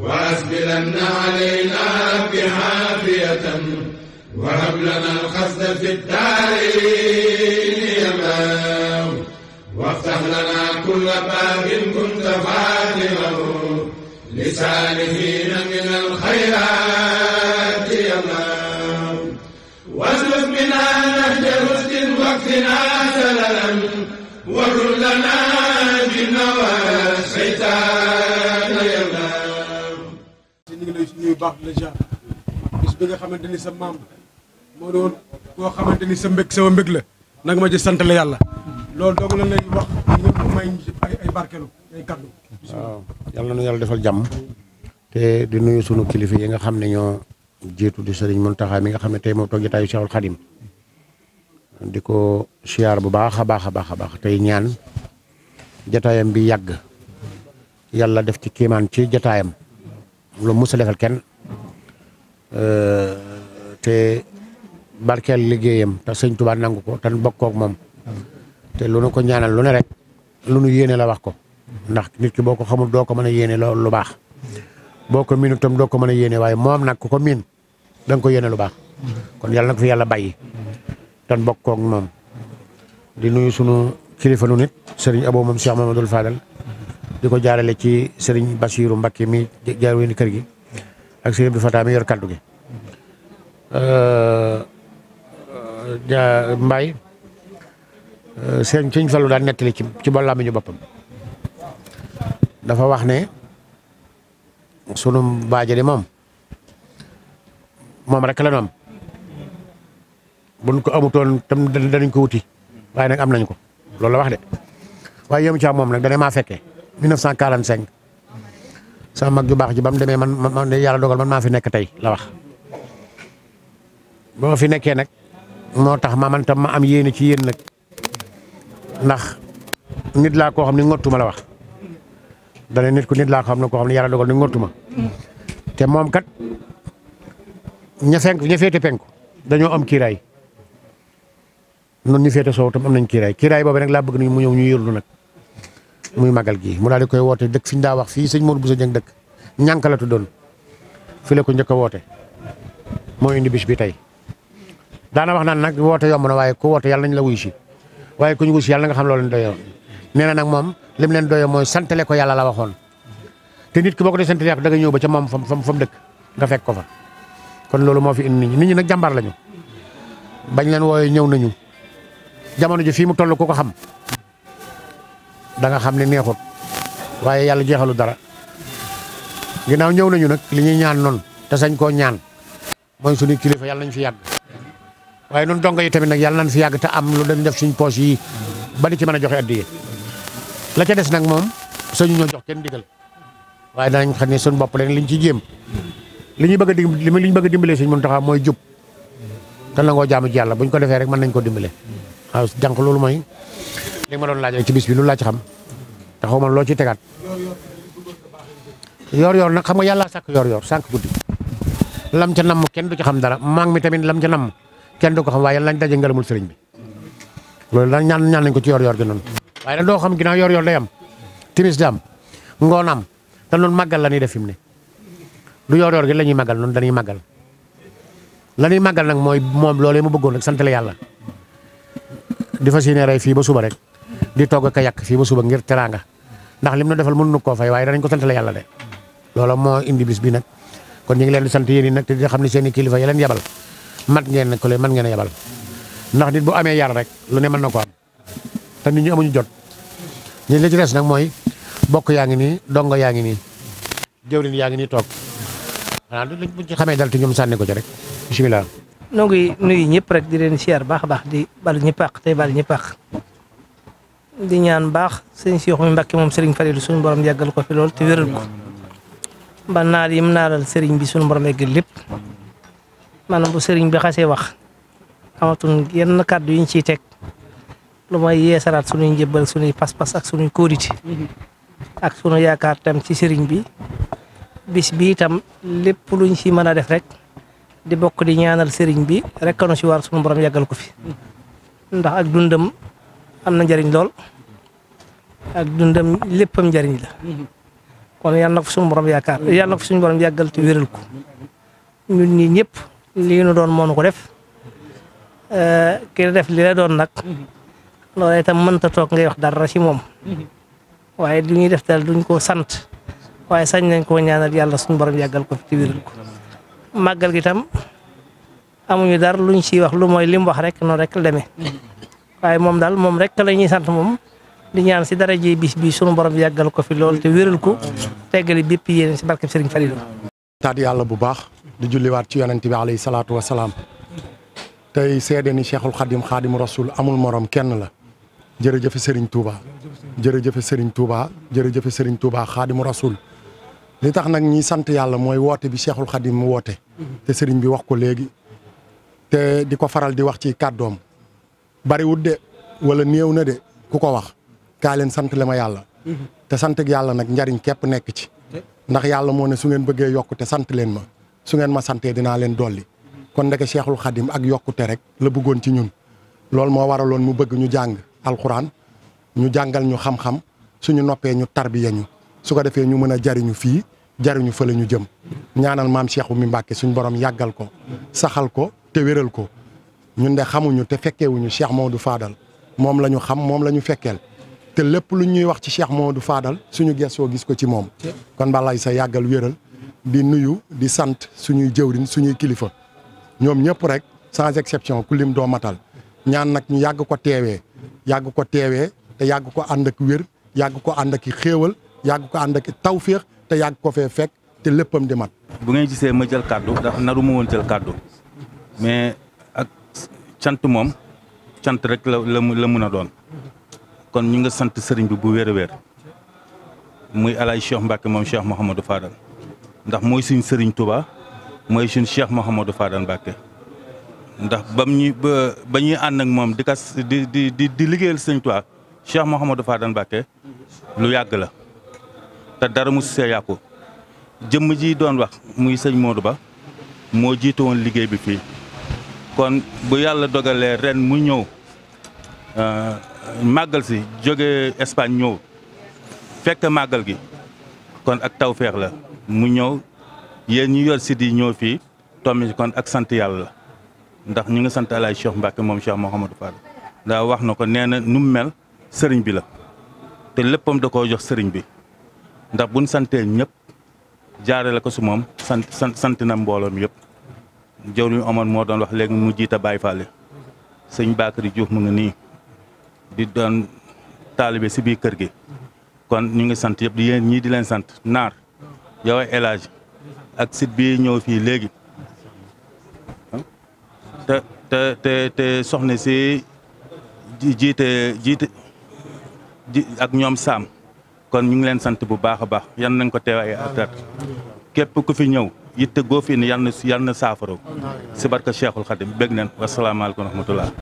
وأسبلن علينا رب عافية وهب لنا القصد في الدارين يمام وافتح لنا كل باب كنت فاتحه لسالهين من الخيرات يمام واسلك بنا نهج رشد واكفنا سللا وكلنا بالنوى الشيطان lay nuyu baax la jaar bi nga xamante ni sa maam moo doon koo xamante ni sa mbég sama la nanga ma ci sant yàlla loolu dong lan lay wax yàlla na yàlla defal jàmm te di nuyu sunu kilifa yi nga xam ne ñoo jiitu di sëriñ Mountakha mi nga xam ne tey moo toog jotaayu Cheikhul Khadim di ko siyaar bu baax a baax a baax a baax tey ñaan jataayam bi yàgg yàlla def ci kiimaan ci jataayam lu mus a defal kenn euh, te barkeel liggéeyam te sëñ Tuubaa nangu ko te bokkook moom te lu nu ko ñaanal lu ne rek lu nu yéenee la wax ko ndax nit ki boo ko xamul doo ko mën a yéenee loolu lu baax boo ko miinu tam doo ko mën a yéenee waaye moom nag ku ko miin danga ko yéene lu baax kon yàlla na fi yàlla bàyyi tan bokkook moom di nuyu sunu kilifa nu nit seriñ Abo moom Cheikh Mamadou Fadal di ko jaarale ci sëriñ Basiiru Mbakke mi jaar woon kër gi ak sëriñ bi Fataa mi yor kaddu gi euh, Mbaye euh, sëriñ sëriñ Fallu daan nettali ci ci ba làmmiñu dafa wax ne sunu baaje di moom moom rek la ñu am buñ ko amutoon tam danañ ko wuti waaye nag am nañ ko loolu la wax de waaye yemu ci moom nag dana maa 1945 sama mag ju baax ji ba mu demee man man yàlla dogal man maa fi nekk tey la wax ba fi nekkee nag moo tax ma man tam ma am yéene ci yéen nag ndax nit laa koo xam ne ngottuma la wax dana nit ku nit laa xam ne koo xam ne yàlla dogal ni ngottuma te moom kat ña fenk ña féete penku dañoo am kiiraay noonu ñu féete soow tam am nañ kiiraay kiiraay boobu nag laa bëgg nañ mu ñëw ñu yërlu nag muy magal gi mu daal di koy woote dëkk fi ñu daa wax fii sëñ Modou Bousso Dieng dëkk ñànk doon tuddoon fi la ko njëkk a woote moo indi bis bi tey. daana wax naan nag woote yomb na waaye ko woote yàlla nañ la wuy si waaye ku ñu wuy si yàlla nga xam loolu leen doyoo nee nag moom lim leen doyoo mooy santale ko yàlla la waxoon. te nit ki boo ko dee santale ko danga ñëw ba ca moom fam fam fam dëkk nga fekk ko fa kon loolu moo fi indi nit ñi nit ñi nag jàmbaar lañu bañ leen wooyee ñëw nañu jamono ji fii mu toll ku ko xam danga xam ne neexut waaye yàlla jeexalu dara ginaaw ñëw nañu nag li ñuy ñaan noon te sañ koo ñaan mooy suñu kilifa yàlla nañ fi yàgg waaye nun dongo yi tamit nag yàlla nañ fi yàgg te am lu dem def suñ poos yi ba ci mën a joxe addiye la ca des nag moom sañu ñoo jox kenn digal waaye danañ xam ne suñu bopp leen liñ ci jéem li ñu bëgg a dim li ñu bëgg a dimbalee suñ mën taxaw mooy jub te nangoo jaamu jàlla yàlla buñ ko defee rek mën nañ koo dimbale waaw jànq loolu mooy li ma laaj rek ci bis bi lu laaj ma loo ci tegaat yor-yor xam nga yàlla sàkk yor-yor sànq guddi lam kenn du ci xam dara maag mi tamit lam ca kenn du ko xam waaye lañ daje ngërëmul sëriñ bi loolu daal ñaan ñaan nañ ko ci yor-yor waaye nag doo xam ginnaaw yor-yor day am timis daam ngoon am te noonu màggal la ñuy def fi mu du yor-yor gi la ñuy màggal noonu la ñuy màggal mooy moom loolee mu bëggoon rek sant yàlla di fas yéene fii ba suba rek. di togg ka yàq fii ba suba ngir teraanga ndax lim na defal mën nu koo fay waaye danañ ko santale yàlla de loola moo indi bis bi nag kon ñu ngi leen di sant yéen yi nag te di xam ne seen i kilifa yi leen yabal mat ngeen ko leen mat ngeen a yabal ndax nit bu amee yar rek lu ne mën na ko am te nit ñu amuñu jot ñi li ci des nag mooy bokk yaa ngi nii dongo yaa ngi nii jëwrin yaa ngi nii toog xanaa lu buñ ci xamee dal te ñoom sànni ko ci rek bisimilah. noo ngi nuyu a di ñaan baax sëñ Cheikh mi Mbacke moom Serigne Falilou suñu borom yàggal ko fi lool te wéral ko ba naal yim naalal Serigne bi suñu borom yàggal lépp maanaam bu Serigne bi xasee wax amatuñ yenn kàddu yi ñu ciy teg lu may yeesalaat suñuy njëbbal suñuy pas-pas ak suñuy kóoditi ak sunu yaakaar tam ci Serigne bi bis bi itam lépp luñ ci mën a def rek di bokk di ñaanal Serigne bi rek kanu ci war suñu borom yàggal ko fi ndax ak dundam. am na njëriñ lool ak dundam léppam njëriñ la kon yal na ko suñu borom yaakaar yal na ko suñu borom yàggal te wéral ko ñun ñii ñëpp lii doon moonu ko def eh, ki def li doon nag loola itam mënta toog ngay wax dara ci moom waaye li def tal duñ ko sant waaye sañ nañ koo ñaanal yàlla suñu borom yàggal ko te wéral ko màggal gi tam amuñu dara luñ ciy wax lu mooy li mu rek noonu rek la waaye moom daal moom rek la ñuy sant moom di ñaan si dara ji bis bi sunu borom yàggal ko fi lool te wéral ko teggali bépp yéen si barkeb Serigne Falilou. taat yàlla bu baax di julliwaat ci yonent bi alayhi salaatu wa salaam tey seede ni Cheikhul Khadim Khadim Rasoul amul morom kenn la jërëjëf Serigne Touba jërëjëf Serigne Touba sëriñ Serigne Touba Khadim Rasoul li tax nag ñi sant yàlla mooy woote bi seexul Khadim mu woote te Serigne bi wax ko léegi te di ko faral di wax ci kàddoom. bariwut de wala néew na de ku ko wax kaa leen sant la ma yàlla. Mm-hmm. te sant yàlla nag njariñ képp nekk ci. ndax yàlla moo ne su ngeen bëggee yokkute sant leen ma su ngeen ma santee dinaa leen dolli. Mm-hmm. kon ndeke Cheikhul Khadim ak yokkute rek la bëggoon ci ñun. loolu moo waraloon mu bëgg ñu jàng alxuraan ñu jàngal ñu xam-xam suñu noppee ñu tarbiya ñu su ko defee ñu mën a jariñu fii jariñu fële ñu jëm ñaanal maam Cheikh mi Mbacké suñ borom yàggal ko saxal ko te wéral ko. ñun de xamuñu te fekkewuñu fekkeewuñu Cheikh du faadal moom la ñu xam moom la ñu fekkeel te lépp lu ñuy wax ci Cheikh du faadal suñu gëstoo gis ko ci moom kon balay sa yàggal wéral di nuyu di sant suñuy jëwriñ suñuy kilifa ñoom ñëpp rek sans exception ku lim doo matal ñaan nag ñu yàgg ko teewee yàgg ko teewee te yàgg ko ànd ak wér yàgg ko ànd ak i xéewal yàgg ko ànd ak i tawféex te yàgg ko fee fekk te léppam di mat bu ngeen gisee ma jël kàddu ndax naru ma cant moom cant rek la la la mun a doon kon ñu nga sant sëriñ bi bu wér a wér muy alaay Cheikh Mbacke moom Cheikh Mouhamadou Fadal ndax mooy suñ sëriñ Touba mooy suñ Cheikh Mouhamadou Fadal Mbacke ndax bam ñu ba ñuy ànd ak moom di kas di di di di liggéeyal sëriñ Touba Cheikh Mouhamadou Fadal Mbacke lu yàgg la te dara mu see yàqu jëmm ji doon wax muy sëñ Modou Ba moo jiite woon liggéey bi fii kon bu yàlla dogalee ren mu ñëw euh, màggal si jóge Espagne ñëw fekk màggal gi kon ak tawféex la mu ñëw yéen ñu yor site yi ñëw fii tommi kon ak sant yàlla la ndax ñu ngi sant alaay Cheikh Mbacke moom Cheikh Mouhamadou Fall daa wax na ko nee na nu mu mel sëriñ bi la te léppam da koo jox sëriñ bi ndax bu santee ñëpp jaare la ko su moom sant sant sant na mbooloom yépp jow lu Omar moo doon wax léegi mu jiita Baye Fall sëñ Bakary Diouf mu ngi nii di doon taalibe si biir kër gi kon ñu ngi sant yëpp di ñii di leen sant naar yow ay ak sit bi ñëw fii léegi te te te te soxna si jiite jiite ji ak ñoom saam kon ñu ngi leen sant bu baax a baax yan nañ ko teew ay at képp ku fi ñëw yitte goo fi ne yàlla na yàlla na saafara ko si barka Cheikhul Khadim bég neen wasalaamaaleykum wa rahmatullah